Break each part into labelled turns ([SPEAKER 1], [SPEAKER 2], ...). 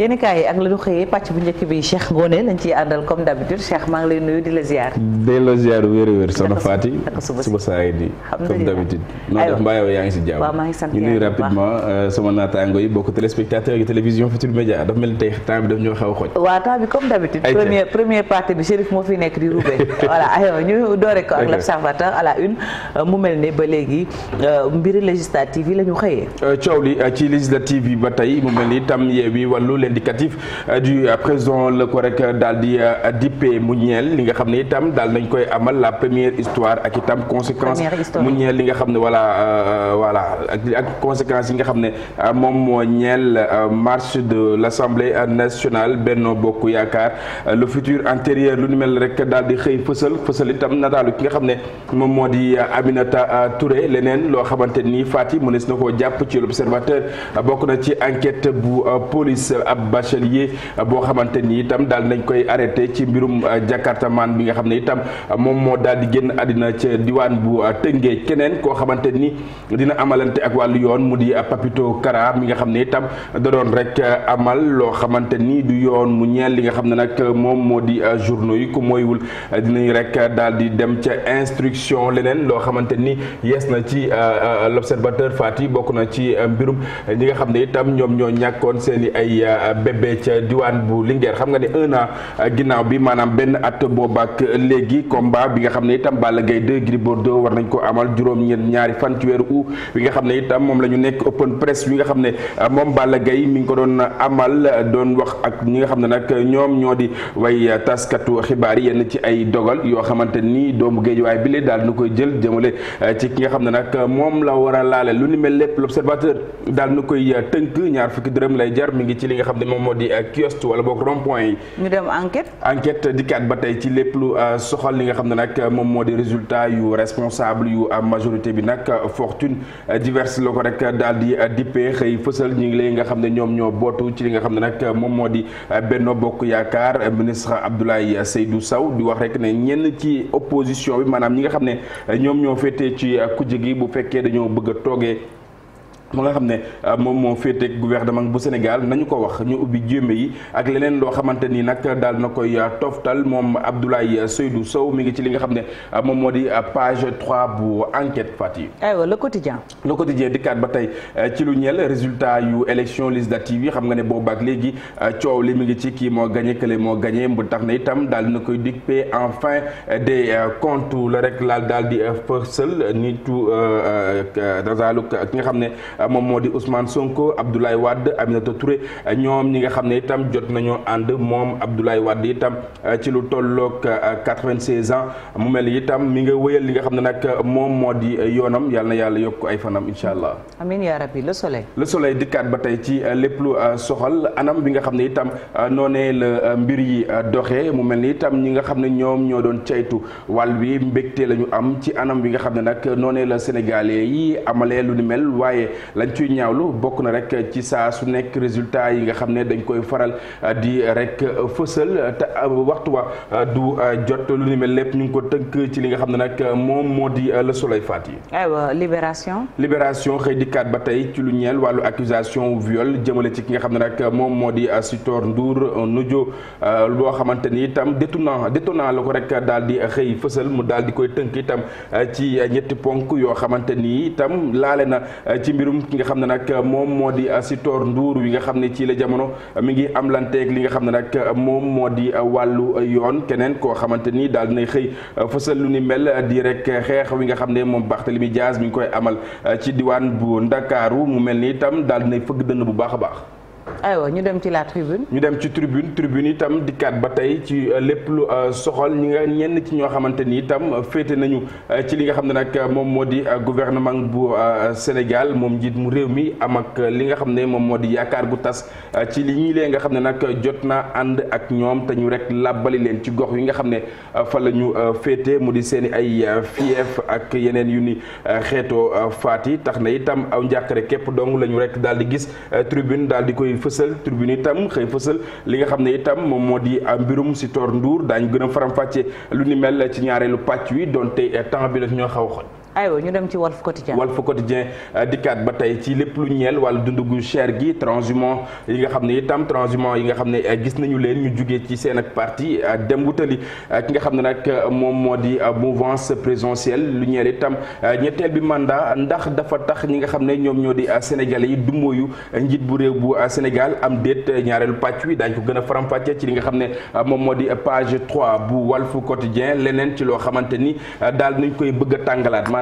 [SPEAKER 1] yéen kaay yi ak la ñu xëyee pàcc bu njëkk bi Cheikh Ngoné lañ ciy àndal comme d'habitude Cheikh maa ngi lay di la ziar.
[SPEAKER 2] di la ziar wér wér soxna Fati suba saa yi di comme d'habitude noo def mbaa yaa ngi si jàmm
[SPEAKER 1] ñu nuyu rapidement
[SPEAKER 2] euh, sama naataango yi bokk téléspectateur yi télévision Futurs Médias dafa mel ni tey temps bi ñoo xaw a xooj waaw temps bi comme d'habitude premier
[SPEAKER 1] première partie bi moo fi nekk di roube voilà ayo ñu doore ko ak la une euh, ba léegi euh, mbiri législative yi la ñu xëyee
[SPEAKER 2] l'indicatif euh, du euh, président la ko rek euh, daal di dippe mu ñeel li nga xam ne itam daal nañ koy amal la première histoire ak itam conséquence mu ñeel li nga xam ne voilà voilà ak conséquence yi nga xam ne moom moo ñeel marche de l'Assemblée nationale Benno Bokk Yaakaar le futur lu ni mel rek daal di xëy fësal fësal itam nataalu ki nga xam ne moom moo di Aminata Touré leneen loo xamante ni Fati mënees na ko jàpp ci l'observateur bokk na ci enquête bu police ab bachelier boo xamante ni itam daal nañ koy arrêté ci mbirum euh, jakartaman bi nga xam ne itam euh, moom moo daal di génn àddina ca diwaan bu euh, Tëngéej keneen koo xamante ni dina amalante ak wàll yoon mu di Papito Kara mi nga xam ne itam da doon rek amal loo xamante ni du yoon mu ñeel li nga xam ne nag moom moo di journaux yi ku mooywul dinañ rek daal di dem ca instruction leneen loo xamante ni yees na ci l'observateur Fati bokk na ci mbirum ñi nga xam ne itam ñoom ñoo ñàkkoon seen i ay bébé ca diwaan bu Linguère xam nga ne un an euh, ginnaaw bi maanaam benn at boobaak léegi combat bi nga xam ne itam Balla Gaye 2 Gris Bordeaux war nañ ko amal juróom-ñeent ñaari fan ci weeru août bi nga xam ne itam moom la ñu nekk open press bi nga xam ne euh, moom Balla Gaye mi ngi ko doon amal euh, doon wax ak ñi nga xam ne nag ñoom ñoo di way taskatu xibaar yenn ci ay dogal yoo xamante ni doomu géejuwaay bi lee daal na koy jël jëmale ci ki nga xam ne nag moom la war a laale lu ni mel lépp l'observateur daal nu koy tënk ñaar fukki dërëm lay jar mu ngi ci li nga moom moo di euh, kiosque wala boog rond point yi.
[SPEAKER 1] ñu dem enquête.
[SPEAKER 2] enquête dikkaat ba tey ci lépp lu euh, soxal li nga xam ne nag moom moo di résultat yu responsable yu euh, majorité bi nag fortune diverse la ko rek daal di dippee xëy fësal ñi ngi lay nga xam ne ñoom ñoo bootu ci li nga xam ne nag moom moo di benn Bokk Yaakaar ministre Abdoulaye Seydou saw di wax rek ne ñenn ci opposition bi maanaam ñi nga xam ne ñoom ñoo fetee ci kujje gi bu fekkee dañoo bëgg a toogee. mu nga xam ne euh, moom moo féeteeg gouvernement bu Sénégal nañu ko wax ñu ubbi jéemé yi ak leneen loo xamante ni nag daal na koy euh, toftal moom Abdoulaye euh, Seydou Sow mi ngi ci li nga xam ne moom moo di page 3 bu enquête Fatick.
[SPEAKER 1] aywa le quotidien.
[SPEAKER 2] le quotidien dikkaat ba tey ci lu ñeel résultat yu élection législative yi xam nga ne boobaa ak léegi coow li mu ngi ci kii moo gagné kële moo gagné bu tax na itam daal na koy dippee en fin des comptes la rek laal daal di fërsal nitu daal ki nga xam ne. Euh, moom moo di Ousmane Sonko Abdoulaye Wade Aminata Touré euh, ñoom ñi nga xam ne itam jot nañoo ànd moom Abdoulaye Wade itam euh, ci lu tolloog 96 ans mu mel ni itam mi nga wéyal li nga xam ne nag moom moo di yoonam yàlla na yàlla yokk ay fanam incha allah.
[SPEAKER 1] amiin yaa rabbi le soleil.
[SPEAKER 2] le soleil dikkaat ba tey ci lépp lu soxal anam bi nga xam ne itam noonee la mbir yi doxe mu mel ni itam ñi nga xam ne ñoom ñoo doon caytu wal bi mbégte la ñu am ci anam bi nga xam ne nag noonee la yi amalee lu ni lañ ciy ñaawlu bokk na rek ci saa su nekk résultat yi nga xam ne dañ koy faral euh, di rek euh, fësal te euh, waxtu wa du jot lu ni mel lépp ñu ngi ko tënk ci li nga xam ne nag moom moo di le soleil faat yi.
[SPEAKER 1] aywa libération.
[SPEAKER 2] libération xëy ba tey ci lu ñeel wàllu accusation viol jëmale ci ki nga xam ne nag moom moo di Sitor Ndour nujo boo xamante ni itam détournant détournant la ko rek daal di xëy fësal mu daal di koy tënk itam ci ñetti ponk yoo xamante ni itam laale na ci mbirum. ki nga xam ne nag moom moo di uh, Sitor Ndour wi nga xam ne ci la jamono uh, mi ngi am lanteeg li nga xam ne nag uh, moom moo di wàllu yoon keneen koo xamante ni daal dinay xëy fësal lu ni mel di rek xeex wi nga xam ne moom Barthélémy Dias mi ngi koy amal ci diwaan bu Ndakaaru mu mel ni itam daal nay fëgg dënn bu baax a baax
[SPEAKER 1] aywa ñu dem ci la tribune.
[SPEAKER 2] ñu dem ci tribune tribune itam dikkaat ba tey ci euh, lépp lu euh, soxal ñi nga ñenn ci ñoo xamante ni itam euh, féete nañu ci li nga xam ne nag moom moo di gouvernement bu Sénégal moom njiit mu réew mi am ak li nga xam ne moom moo di yaakaar gu tas ci li ñi lee nga xam ne nag jot na ànd ak ñoom te ñu rek làbbali leen ci gox yi nga xam ne fa la ñu féete mu di seen i ay fief ak yeneen yu ni xeetoo faat yi tax na itam aw njàqare képp dong lañu ñu rek daal di gis fësal tribune itam xëy fësal li nga xam ne itam moom moo di ah, mbirum si toor nduur daañu gën a faram-fàccee lu ni mel ci ñaareelu pàcc wi donte eh, temps bi la ñoo xaw a xool aywa ñu dem ci Walf Quotidien Walf Quotidien euh, dikkaat ba tey ci lépp lu ñeel wàllu dundu gu cher gi transhumant yi nga xam ne itam transhumant yi nga xam ne euh, gis nañu leen ñu jugee ci seen ak parti euh, dem wutali ki nga xam ne nag moom moo di mouvance présidentielle lu ñeel itam ñetteel bi mandat ndax dafa tax ñi nga xam ne ñoom ñoo di Sénégalais yi dumbooyu njiit bu réew bu Sénégal am déet ñaareelu pàcc wi daañu ko gën a faram ci li nga xam ne moom moo di page 3 bu Walf Quotidien leneen ci loo xamante ni daal nañ koy bëgg tàngalaat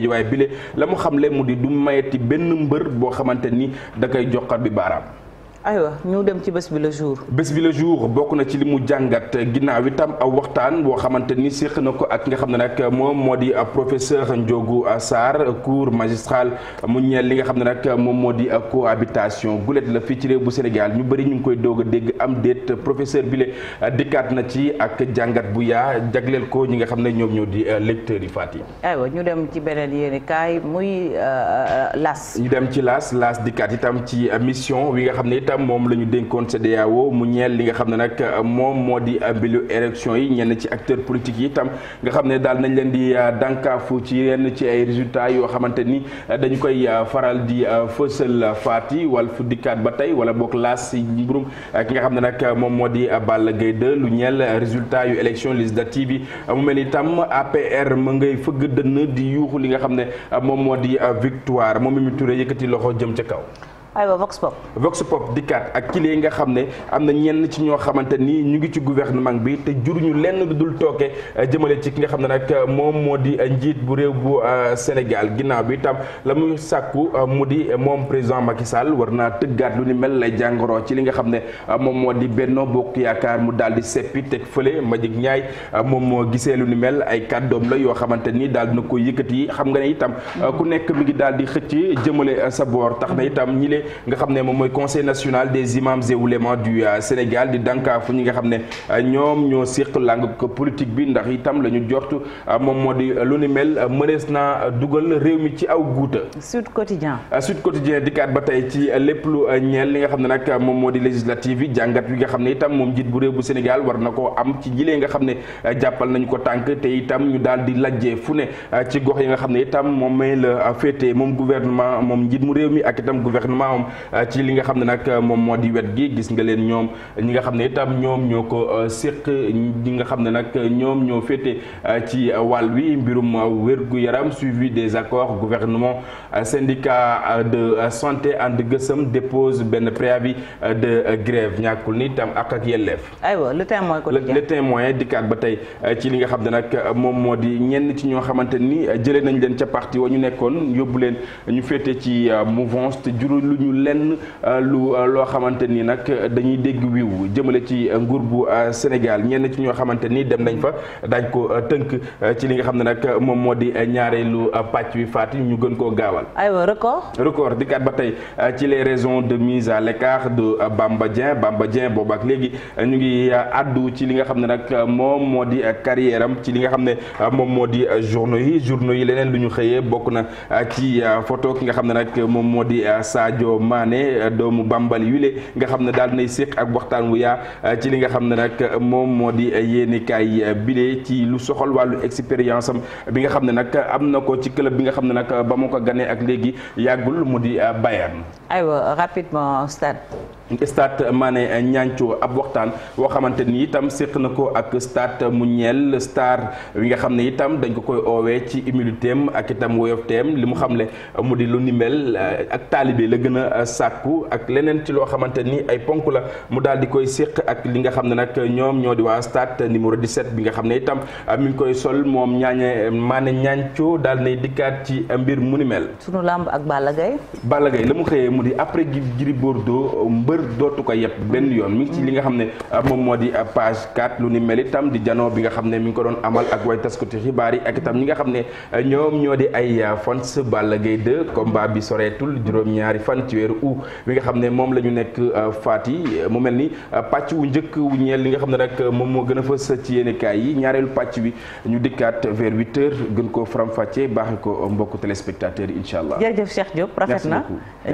[SPEAKER 2] géejuwaay bile la mu xamle mu di du mayeti benn mbër boo xamante ni da koy joxar bi baaraam
[SPEAKER 1] aywa ñu dem ci bés bi la jour.
[SPEAKER 2] bés bi le jour bokk na ci li mu jàngat ginnaaw itam aw waxtaan boo xamante ni séq na ko ak nga xam ne nag moom moo di professeur Ndiogou Sarr cours magistral mu ñeel li nga xam ne nag moom moo di cohabitation gulet la fii ci bu Sénégal ñu bëri ñu ngi koy doog a dégg am déet professeur bile dikkaat na ci ak jàngat bu yaa jagleel ko ñi nga xam ne ñoom ñoo di euh, lecteur yi faat yi.
[SPEAKER 1] aywa ñu dem ci beneen yéen kaay muy euh, euh, las. ñu
[SPEAKER 2] dem ci las las dikkaat itam ci mission wi nga xam ne itam moom la ñu dénkoon CEDEAO mu ñeel li nga xam ne nag euh, moom moo di euh, mbilu élection yi ñenn ci acteur politiques yi itam nga xam ne daal nañ leen di euh, dànkaafu ci yenn ci ay résultat yoo xamante ni dañu koy faral di fësal faati wala fu ba tey wala boog laas si mbirum ki nga xam ne nag moom moo di Balla Gaye 2 lu ñeel résultat yu élection législative yi mu mel ni tam APR ma ngay fëgg dënn di yuuxu li nga xam ne moom moo di victoire moom Mimi Touré yëkkati loxo jëm ca kaw aywa Vox Pop. Vox Pop ak kile yi nga xam ne am na ñenn ci ñoo xamante nii ñu ngi ci gouvernement bi te juruñu lenn lu dul tooke euh, jëmale ci ki nga xam ne nag euh, moom moo di euh, njiit bu réew bu Sénégal ginnaaw bi tam la muy sàkku mu di moom président Macky Sall war naa tëggaat lu ni mel lay jàngoro ci li nga xam ne moom moo di Benno Bokk Yaakaar mu daal di seppi teg fële Mbagnick Ndiaye moom moo gisee lu ni mel ay kàddoom la yoo xamante nii daal dina ko yëkkati xam nga ne itam ku nekk mu ngi daal di xëcc jëmale sa boor tax na itam ñi foofule nga xam ne moom mooy conseil national des imams et oulémas du euh, Sénégal di dànkaafu ñi nga xam ne euh, ñoom ñoo siq langue politique bi ndax itam la ñu jortu euh, moom moo di lu ni mel mënees na dugal réew mi ci aw guuta Sud Quotidien Sud Quotidien dikkaat ba tey ci lépp lu ñeel li nga xam ne nag moom moo di législative yi jàngat yi nga xam ne itam moom njiit bu réew bu Sénégal war na ko am ci jilee nga xam ne jàppal nañu ko tànk te itam ñu daal di lajjee fu ne ci gox yi nga xam ne itam moom may la moom gouvernement moom njiit mu réew mi ak ginnaawam euh, ci li nga xam ne nag euh, moom moo di wet gi gis nga leen ñoom ñi nga xam ne itam ñoom ñoo ko euh, séq ñi nga xam ne nag ñoom ñoo féete ci wàll wi mbirum wér-gu-yaram suivi des accords gouvernement syndicat de santé and gësëm dépose benn préavis de grève ñàkkul ni itam ak ak yelleef aywa le témoin ko le témoin dikkaat ba tey ci li nga xam ne nag moom moo di ñenn ci ñoo xamante ni jëlee nañ leen ca parti wa ñu nekkoon yóbbu leen ñu féete ci mouvance te juru ñu lenn euh, lu euh, loo xamante ni nag dañuy dégg wiw jëmale ci euh, nguur bu Sénégal ñenn ci ñoo xamante ni dem nañ fa daañ ko tënk ci li nga xam ne nag moom moo di ñaareelu pàcc wi faat ñu gën koo gaawal.
[SPEAKER 1] aywa record.
[SPEAKER 2] record dikkaat ba tey ci les raisons de mise à l'écart de Bamba Dieng Bamba Dieng boobu ak léegi ñu ngi àddu ci li nga xam ne nag moom moo di carrière ci li nga xam ne moom moo di journaux yi journaux yi leneen lu ñu xëyee bokk na ci photo ki nga xam ne nag moom moo di Sadio. Sadio Mané euh, doomu Bambal yule nga xam ne daal nay séq ak waxtaan wu yaa euh, ci li nga xam ne nag moom moo di euh, yéenekaay bile ci lu soxal wàllu expérience am bi nga xam ne nag am na ko ci club bi nga xam ne nag ba moo ko ganee ak léegi yàggul mu di Bayern.
[SPEAKER 1] aywa rapidement stade.
[SPEAKER 2] stade Mané ñancoo ab waxtaan woo xamante ni itam séq na ko ak stade mu ñeel star bi nga xam ne itam dañ ko koy oowee ci humilité am ak itam woyofteem li mu xamle mu di lu ni ak taalibe a euh, sàkku ak leneen ci loo xamante ni ay ponk la mu daal di koy séq ak li nga xam ne nag ñoom ñoo di waa stade numéro 17 bi nga xam ne itam euh, mi ngi koy sol moom ñaañe maane ñaancoo daal nay dikkaat ci euh, mbir mu ni mel.
[SPEAKER 1] sunu làmb ak Balla Gaye.
[SPEAKER 2] Balla Gaye la mu xëyee mu di après Gris Bordeaux mbër dootu ko yëpp benn mm. yoon mi ngi ci li nga xam ne moom moo di page 4 lu ni mel itam di janoo bi nga xam ne mi ngi ko doon amal ak way taskati xibaar yi ak nga xam ne ñoom ñoo di ay fans Balla Gaye combat bi soreetul juróom-ñaari fan ci weeru août nga xam ne moom la ñu nekk euh, faati mu mel ni euh, pàcc wu njëkk wu ñeel li nga xam ne rek moom moo gën a fës ci yéenekaay yi ñaareelu pàcc bi ñu dikkaat vers huit heures gën koo faram-fàccee baaxee ko mbokku téléspectateurs yi incha allah.
[SPEAKER 1] jërëjëf Cheikh Diop rafet na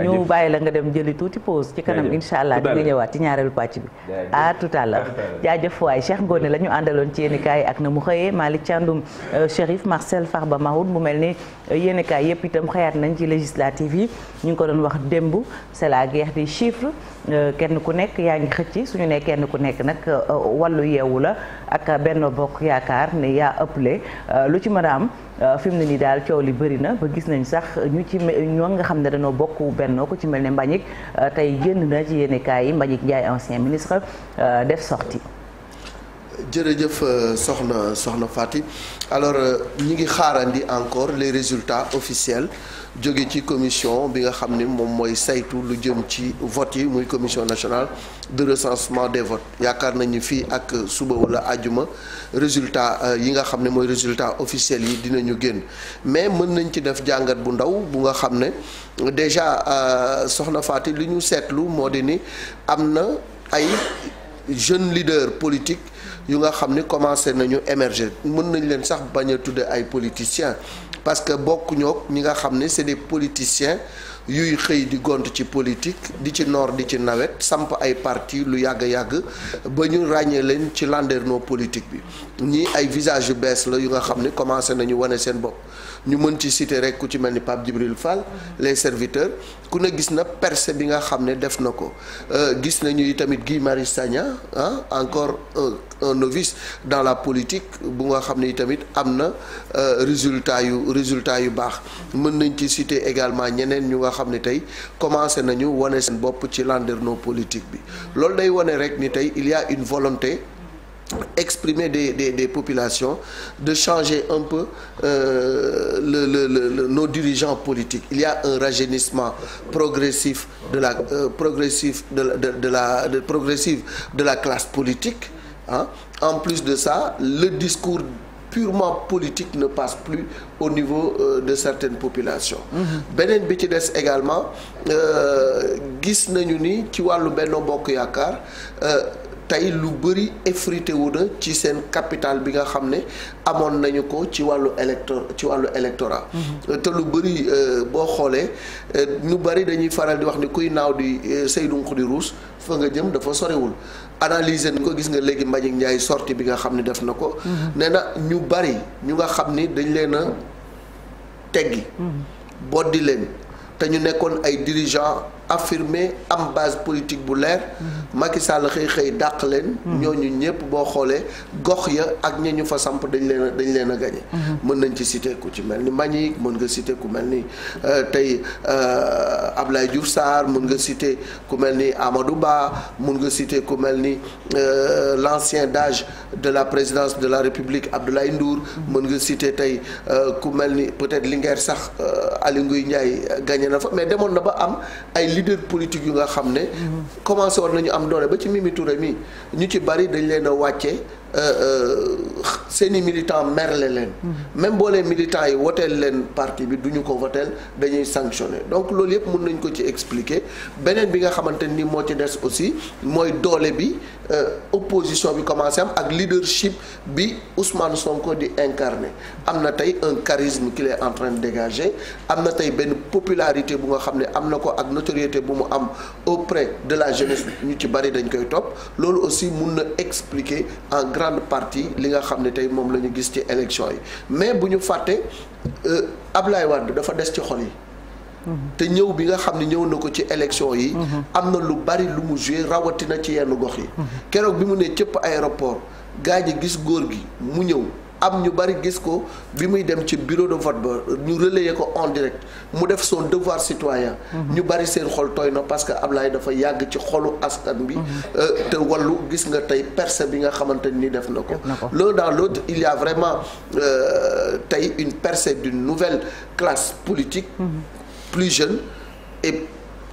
[SPEAKER 1] ñu bàyyi la nga dem jëli tuuti pause ci kanam incha allah di nga ñëwaat ci ñaareelu pàcc bi à tout à l'heure jaajëf waay Cheikh Ngoné la ñu àndaloon ci yéenekaay ak na mu xëyee Malick Thiandoum euh, Chérif Marcel ba Mahoud mu mel ni yéenekaay yëpp itam xëyaat nañ ci législative yi ñu ngi ko doon wax dem démb c'est la guerre des chiffres euh, kenn ku nekk yaa ngi xëcc suñu ne kenn ku nekk nag euh, wàllu yeewu la ak benn bokk yaakaar ne yaa ëpple euh, lu ci mën a am fi mu ne nii daal coow li bëri na ba gis nañ sax ñu ci me ñoo nga xam ne dañoo bokk bennoo ko ci mel ne Mbagnick tey génn na ci yéenekaay yi Mbagnick Ndiaye ancien ministre def sortie
[SPEAKER 3] jërëjëf euh, soxna soxna Fati alors euh, ñi ngi xaarandi encore les résultat officiels jóge ci commission bi nga xam ni moom mooy saytu lu jëm ci vote yi muy commission nationale de recensement des vote yaakaar nañu fii ak suba wala àjjuma résultat euh, yi nga xam ne mooy résultat officiel yi dinañu génn mais mën nañ ci def jàngat bu ndaw bu nga xam ne déjà soxna Fati li ñu seetlu moo di ni am na ay jeunes leaders politiques yu nga xam ni commencé nañu émerger mën nañ leen sax bañ a tudde ay politiciens parce que bokkuñoo ñi nga xam ni c'est des politiciens yuy xëy di gont ci politique di ci noor di ci nawet samp ay parti lu yàgg yàgg ba ñu ràññee leen ci landerneau politique bi ñii ay visage yu bees la yu nga xam ne commencé nañu wane seen bopp ñu mën ci citer rek ku ci mel ni Pape Djibril Fall les serviteurs ku ne gis na percée bi nga xam ne def na ko euh, gis nañu tamit Guy Marius Sagna ah encore un novice dans la politique bu nga xam ne tamit am na euh, résultat yu résultat yu baax mën nañ ci citer également ñeneen xam ni tey commencé nañu wane seen bopp ci no politique bi loolu day wane rek ni tey il ya une volonté exprimer des des des populations de changer un peu euh, le, le le le nos dirigeants politiques il y a un rajeunissement progressif de la euh, progressif de de de la de progressive de la classe politique ah en plus de ça le discours purement politique ne passe plus au niveau euh, de certaines populations. Mm-hmm. beneen bi ci des également euh, gis nañu ni ci wàllu Benno Bokk Yaakaar. Euh, tey lu bëri effrité wu na ci seen capital bi nga xam ne amoon nañu ko ci wàllu élector ci wàllu électorat. Mhm. te lu bëri euh, boo xoolee euh, ñu bëri dañuy faral di wax ni kuy naaw di say dunq di ruus fa nga jëm dafa sorewul analyser nañ ko gis nga léegi Mbagnick Ndiaye sorti bi nga xam ne def na ko. Mhm. nee na ñu bëri ñu nga xam ni dañ leen a teggi. Mhm. boddi leen te ñu nekkoon ay dirigeants. affirmé am base politique bu leer. Mm-hmm. Macky Sall xëy xëy dàq leen. Mm-hmm. ñooñu ñëpp boo xoolee gox ya ak ña ñu fa samp dañ leen dañ leen a gañe. Mm-hmm. mën nañ ci citer ku ci mel ni Mbagnick mën nga citer ku mel ni euh, tey euh, Abdoulaye Diouf Sarr mën nga citer ku mel ni Amadou Ba mën nga ku mel ni euh, l'ancien d'âge de la présidence de la République Abdoulaye nduur mën nga citer tey ku mel ni peut-être li Linguère sax Aly Ngouille Ndiaye gagné na fa mais demoon na ba am ay. leader politique yu nga xam ne. Mm-hmm. commencé woon ñu am doole ba ci Mimi Touré mi ñu ci bari dañ leen a wàcce Euh, euh, seeni militant merle leen mm-hmm. même boo leen militant yi woteel leen parti bi du ñu ko woteel dañuy sanctionné donc loolu yëpp mun nañ ko ci expliquer beneen bi nga xamante ni moo ci des aussi mooy doole bi euh, opposition bi commencé am ak leadership bi Ousmane Sonko di incarné am na tey un charisme qu'il est en train de dégager am na tey benn popularité bu nga xam ne am na ko ak notoriété bu mu am auprès de la jeunesse ñu ci bari dañ koy topp loolu aussi mun na expliquer grande partie li nga xam ne tey moom lañu gis ci élection yi mais bu ñu fàtte euh, Ablaye Wade dafa des ci xol yi. Mhm. te ñëw bi nga xam ne ñëw na ko ci élection yi. Mhm. am na lu bari lu mu joué rawatina ci yenn gox yi. Mhm. keroog bi mu ne cëpp aéroport gaa ñi gis góor gi mu ñëw. am ñu bari gis ko bi muy dem ci bureau de vote ba ñu relayer ko en direct mu def son devoir citoyen mhm. ñu bari seen xol tooy na parce am Ablaye dafa yàgg ci xolu askan bi mhm. euh, te wallu gis nga tey percée bi nga xamante ni def na ko l'un dans l'autre il y a vraiment euh, tey une percée d'une nouvelle classe politique mhm. plus jeune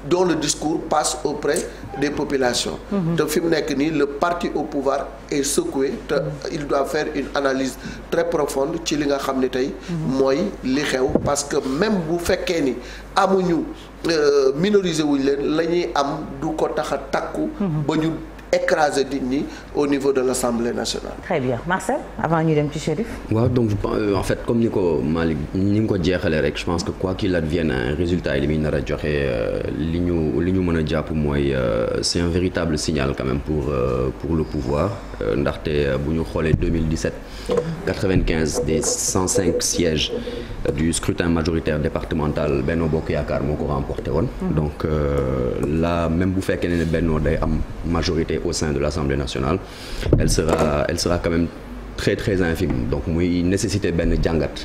[SPEAKER 3] dont le discours passe auprès des populations. Mhm. te fi mu nekk nii le parti au pouvoir est secoué te mhm. il doit faire une analyse très profonde ci li nga xam ne tey. Mhm. mooy li xew parce que même bu fekkee ni amuñu euh, minoriser wuñ leen la ñuy am du ko taxa takku. ba ñu écraser nit ñi au niveau de l'Assemblée nationale. très bien
[SPEAKER 1] Marcel avant ñu dem ci Chérif.
[SPEAKER 4] waaw donc euh, en fait comme ni ko Malick ni nga ko jeexalee rek je pense que quoi qu'il advienne résultat yi nar a joxe euh, li ñu li ñu mën a jàpp mooy euh, c'est un véritable signal quand même pour pour le pouvoir. Euh, ndaxte euh, bu ñu xoolee 2017 95 des 105 sièges euh, du scrutin majoritaire départemental Benno Bokk Yaakaar moo ko remporté woon mm-hmm. donc là même bu fekkee ne Benno day am majorité au sein de l'Assemblée nationale elle sera elle sera quand même très très infime donc muy nécessité benn jàngat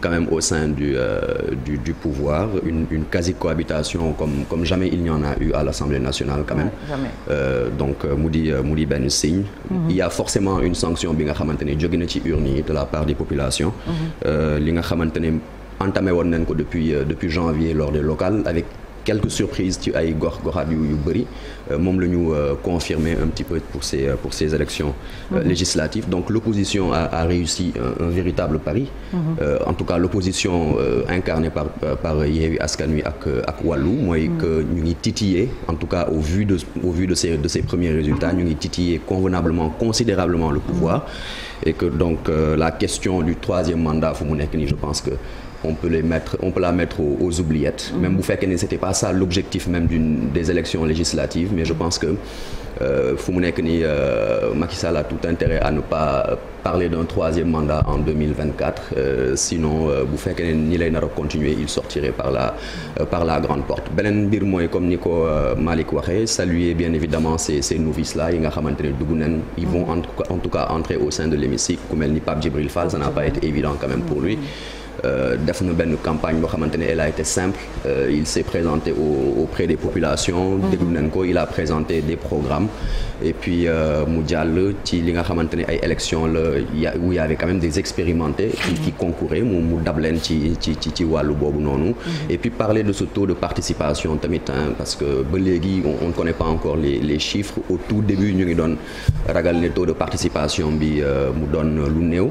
[SPEAKER 4] quand même au sein du, euh, du, du, pouvoir, une, une quasi-cohabitation comme, comme jamais il n'y en a eu à l'Assemblée nationale quand même. Ouais, euh, donc euh, mu di mu di benn signe. Mhm. il y a forcément une sanction bi nga xamante ne jóge na ci urne yi de la part des populations. Mhm. li nga xamante ne entamé woon nañ ko depuis depuis janvier lors des locales avec. quelques surprises ci ay gox goxaat yu yu bëri euh, moom la ñu euh, confirmer un petit peu pour ces euh, pour ces élections mmh. législatives donc l'opposition a, réussi un, véritable pari mhm. en tout cas l'opposition euh, incarnée par par Yewwi Askan Wi ak ak Wallu mooy mhm. que ñu ngi titiller en tout cas au vu de au premiers résultats mhm. ñu ngi titiller convenablement considérablement le pouvoir et que donc la question du troisième mandat fu mu nekk nii je pense que on peut les mettre on peut la mettre aux, aux oubliettes mm-hmm. même bu fekkee ne c'était pas ça l'objectif même d'une des élections que euh, fu nekk nii euh, Macky Sall a tout intérêt à ne pas parler d'un troisième mandat en 2024 euh, euh fekkee ne ni lay nar a continuer il par la la grande beneen mbir mooy comme ni ko Malick waxee saluer bien évidemment ces ces nga xamante ne dugg nañ ils vont en ni Pape Djibril Fall ça n'a Euh, def na benn campagne boo xamante ne elle a été simple euh, il s'est présenté au auprès des populations mhm. déglu nañ ko il a présenté des programmes et euh, mu jàll ci li nga xamante ne ay élections la où il y avait quand même des expérimentés qui mhm. qui concouraient mu mu leen ci ci ci ci wàllu boobu noonu mhm. et puis parler de ce taux de participation tamit parce que ba léegi on ne connaît pas encore les les chiffres au tout début ñu ngi doon ragal ne taux de participation bi mu doon lu néew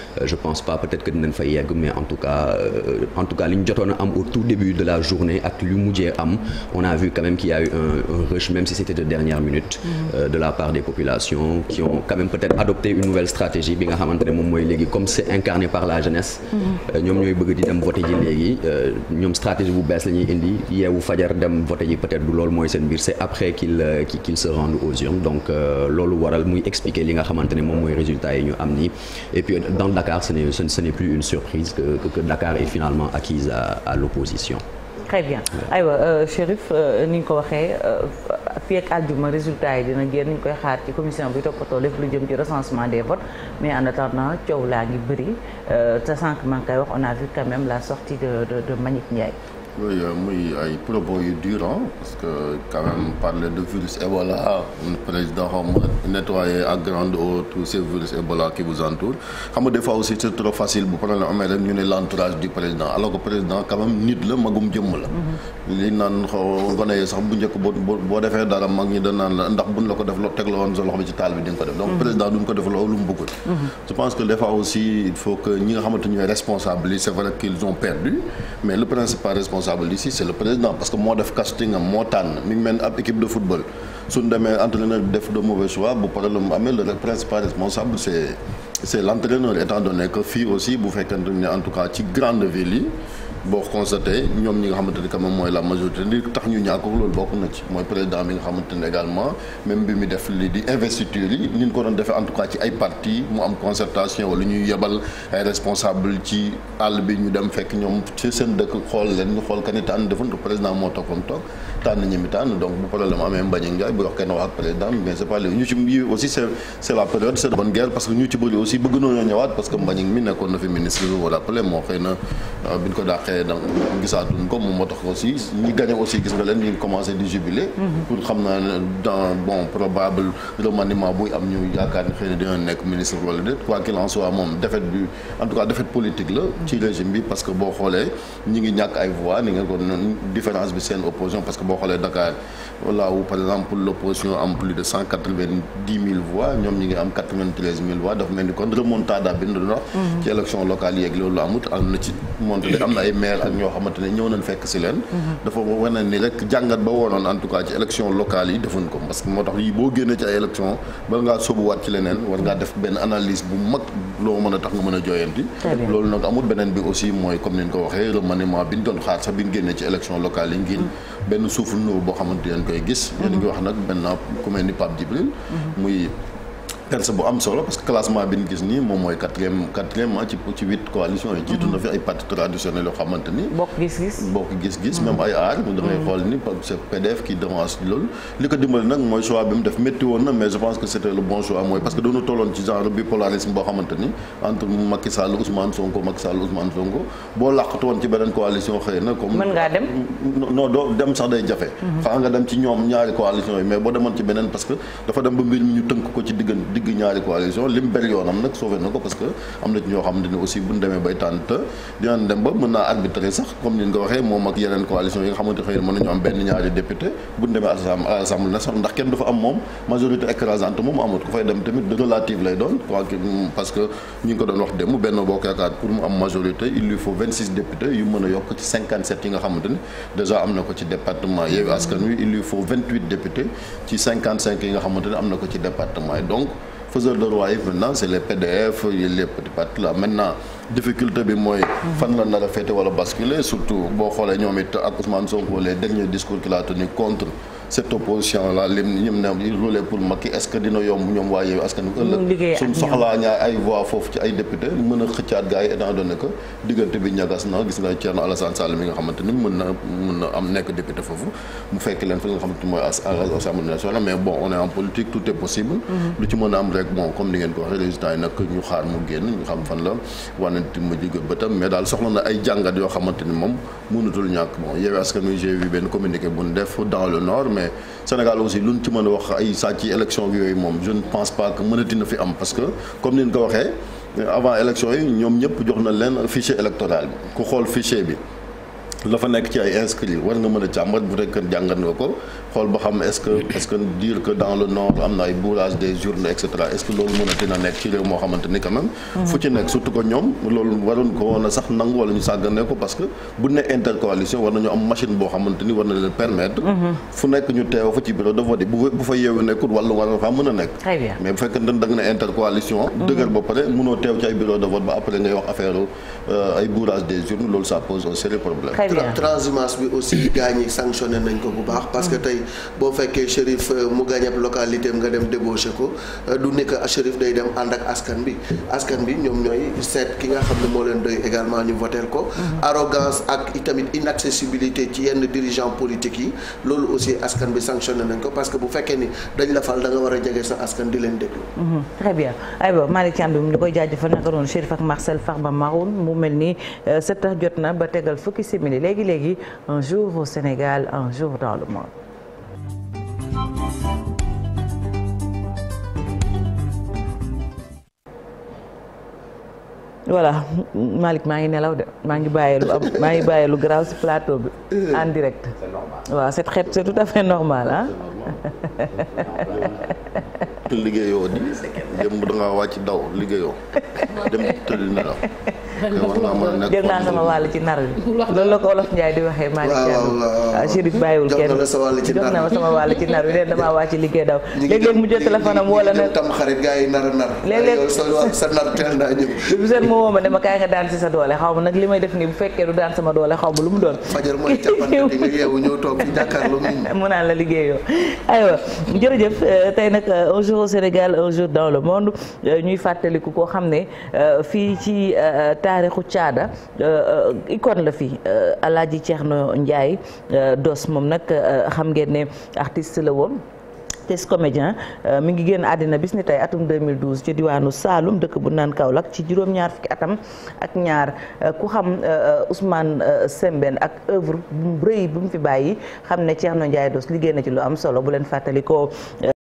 [SPEAKER 4] Euh, je pense pas peut-être que dinañ fa yegg mais en tout cas euh, li ñu jotoon am au tout début de la journée ak lu mujjee am on a vu quand qu'il y eu un, un même si c'était de dernière minute mhm. euh, de la part des populations qui ont quand même peut-être adopté une nouvelle stratégie bi nga xamante moom mooy léegi comme c'est incarné par la jeunesse mhm. ñoom ñooy bëgg di dem voter ji léegi ñoom stratégie bu bees la indi yeewu fajar dem voter ji peut-être du Dakar, ce n'est plus une surprise que, que, Dakar est finalement acquise à, l'opposition.
[SPEAKER 1] très bien aywa euh, Chérif euh, ni ñu ko waxee euh, fii ak àjjuma résultat yi dina génn ñu koy xaar ci commission bi toppatoo lépp lu jëm ci recensement des votes mais en attendant coow laa ngi bëri te sànq maa ngi koy wax on a vu quand même la sortie de de de Mbagnick
[SPEAKER 5] oui muy ay propos yu dur président xam nga nettoyer grande eau tous ces virus Ebola qui vous entourent xam nga aussi c'est trop facile bu problème amee rek la magum jëmm la. Mm-hmm. li naan xaw sax bu njëkk boo boo defee dara mag ñi da naan la ndax buñ la ko def teg la woon sa loxo bi ci taal bi di nga ko def. donc mm-hmm. président duñ ko def loolu mu bëggut. Mm-hmm. je pense que des aussi il faut que ñi nga xamante responsable yi c'est vrai qu'ils ont perdu mais le principal responsable responsable d' ici c' est le président parce que moo def casting am moo tànn mi ngi ab équipe de football suñ demee entraîneur def de mauvais choix bu problème amee le principal responsable c' est étant donné que fii aussi bu fekkente ne en tout cas ci grande ville yi. boo constaté ñoom ñi nga xamante ni quand même mooy la majorité li tax ñu ñàkk ko loolu bokk na ci mooy président bi nga xamante ne également même bi mu def li di investiture yi ni ñu ko doon defee en tout cas ci ay parti mu am concertation wala ñuy yebal ay responsable ci àll bi ñu dem fekk ñoom ci seen dëkk xool leen ñu xool kanita ànd defan président moo toog fa mu toog tànn ñi mi donc bu problème amee Mbagnick Ndiaye bu wax kenn wax ak président mais c'est c'est c'est ñu ci bëri aussi bëgg nañoo ñëwaat parce que Mbagnick mi nekkoon na fi ministre bi wala moo xëy na euh, bi ñu ko dàqee donc gisaatuñ ko moom mhm. moom défaite bi en tout cas défaite politique la ci régime bi parce que boo xoolee ñi ngi ñàkk ay voix ni nga ko différence bi seen opposition parce que boo xoolee Dakar voilà où par exemple l'opposition am plus de cent quatre-vingt-dix mille voix ñoom ñi ngi am quatre-vingt-treize mille voix dafa mel ni kon remontada mm-hmm. am na ay maire ak ñoo xamante ñëw nañ fekk si leen mm-hmm. dafa wane ni rek jàngat ba woonoon en tout cas ci élection locale yi defuñ ko parce que moo tax yi boo génnee ci ay élection bala ngaa sobuwaat ci leneen war ngaa def benn analyse bu mag loo mën a tax nga mën a jooyanti loolu nag amut beneen suufu nuur boo xamante yéen koy gis. Mhm. yéen ngi wax nag maintenant ku mel ni Pape Djibril mhm. muy kersa que classement bi ñu gis nii moom mooy quatrième quatrième ah ci ci huit coalition yi jiitu na fi ay parti traditionnels yoo xamante ni. bokk gis-gis bokk ay aar da ngay mm. xool ni c'est PDF qui devance loolu. li ko dimbali nag mooy choix bi mu def métti woon na mais je pense que c'était le bon choix mooy parce que dañu tolloon ci genre bipolarisme boo xamante entre Macky Sall Ousmane Sonko Macky Sall Ousmane Sonko boo làqatu mm-hmm. boo demoon ci ci diggante ni nga ko waxee moom ak yeneen coalition yi nga xamante xëy na mën nañu ndax kenn du fa am moom majorité écrasante moom amut ko fay dem tamit de relative lay doon parce que ñu ngi ko doon wax démb Benno Bokk Yaakaar pour il lui faut 26 députés yu mën a yokk yi nga xamante am na ko ci département Yewwi Askan Wi il lui faut 28 députés ci 55 yi nga xamante am na ko ci département yi donc faiseur de roi yi maintenant c'est les PDF les petits partis là maintenant difficulté bi mooy. fan la nar a féete wala surtout boo xoolee ñoom it ak Ousmane Sonko les derniers discours qu'il a tenu contre. cette opposition là lim ñim ne loolee pour Macky est-ce dina yomb ñoom waa Yewwi Askan ëllëg suñ soxlaa ñaar ay voix foofu ci ay député mën a xëccaat gars yi étant donné que diggante bi ñagas na gis nga Thierno Alassane Sall nga xamante ni mën na mën nekk député foofu mu fekk leen fi nga xamante mooy mm-hmm. mu génn ñu mais daal soxla na ay jàngat yoo xamante ni moom mënatul ñàkk bon Yewwi Askan Wi j'ai vu benn communiqué bu ñu def dans le nord mais Sénégal aussi lu ñu ci mën a wax ay sàcc ci bi yooyu moom je ne pense pas que mënati fi am parce que comme ni ñu ko waxee avant élection yi ñoom ñëpp jox na leen fichier électoral bi ku xool fichier bi. la fa nekk ci ay inscrits war nga mën a càmbar bu rekk jàngat nga ko xool ba xam est-ce que dire que dans le nord am na ay bourrage des urnes et est-ce que loolu mën a dina nekk ci réew moo xamante ni mm. fu ci nekk surtout que ñoom loolu waroon ko woon sax nangu wala ñu sàggane ko parce que bu mm-hmm. nekk ñu teew fa ci bureau de vote bu bu fa yeewu nekkul wala war na mën a nekk. mais bu fekkee ne da ne intercoalition. Mm-hmm. dëgër ba pare mënoo teew
[SPEAKER 3] transhumance bi aussi gars ñi nañ ko bu baax parce mm. tey boo fekkee shérif euh, mu gagné localité am nga dem débauché ko euh, du nekk shérif day dem ànd ak askan bi askan bi ñoom ñooy seet ki nga xam ne moo leen doy également ñu voter ko mm. arrogance ak itamit inaccessibilité ci yenn dirigeant politique yi loolu aussi askan bi sanctionné nañ ko parce bu fekkee ni dañ la fal da nga war a jege sa askan di leen déglu
[SPEAKER 1] mm-hmm. très bien aywa Malick Thiam bi mu di koy jaajëfal naka noonu Chérif ak Marcel Farba Maroun léegi léegi un jour au Sénégal un jour dans le monde. voilà Malick maa ngi nelaw de maa ngi bàyyi lu am maa ngi bàyyi lu grave ci plateau bi en direct. tout à fait normal
[SPEAKER 5] liggéeyoo di démb da ngaa wàcc daw liggéeyoo dem tëdd nelaw.
[SPEAKER 1] jël naa sama wàll ci nar bi loolu la ko Olof Ndiaye di waxee Malick Diallo ah, Chérif bàyyiwul ma sama wàll ci nar bi leen damaa wàcc liggéey daw
[SPEAKER 3] léeg-léeg mu jël téléphone am wala na tam xarit gaa a nar léeg sa nar teel naa ñëw bu seen mu woo ma
[SPEAKER 1] ne ma kaay nga daan si sa doole xaw ma nag li may def nii bu fekkee du daan sama doole xaw ma lu mu doon
[SPEAKER 3] fajar mooy càppante nga yeewu ñëw toog fi jàkkaarloo
[SPEAKER 1] mu naan la liggéeyoo aywa jërëjëf euh, tey nag euh, au Sénégal un jour dans le monde euh, ñuy fàttaliku koo xam ne euh, fii ci euh, taarixu caada icône la fi Alaaji Ceerno Njaay dos moom nag xam ngeen ne artiste la woon artiste comédien mi ngi génn àddina bis ni tey atum 2012 ci diwaanu Saalum dëkk bu naan Kaolack ci juróom-ñaar fukki atam ak ñaar ku xam Ousmane Sembène ak œuvre bu rëy bu mu fi bàyyi xam ne Thierno Ndiaye Dos liggéey na ci lu am solo bu leen fàttali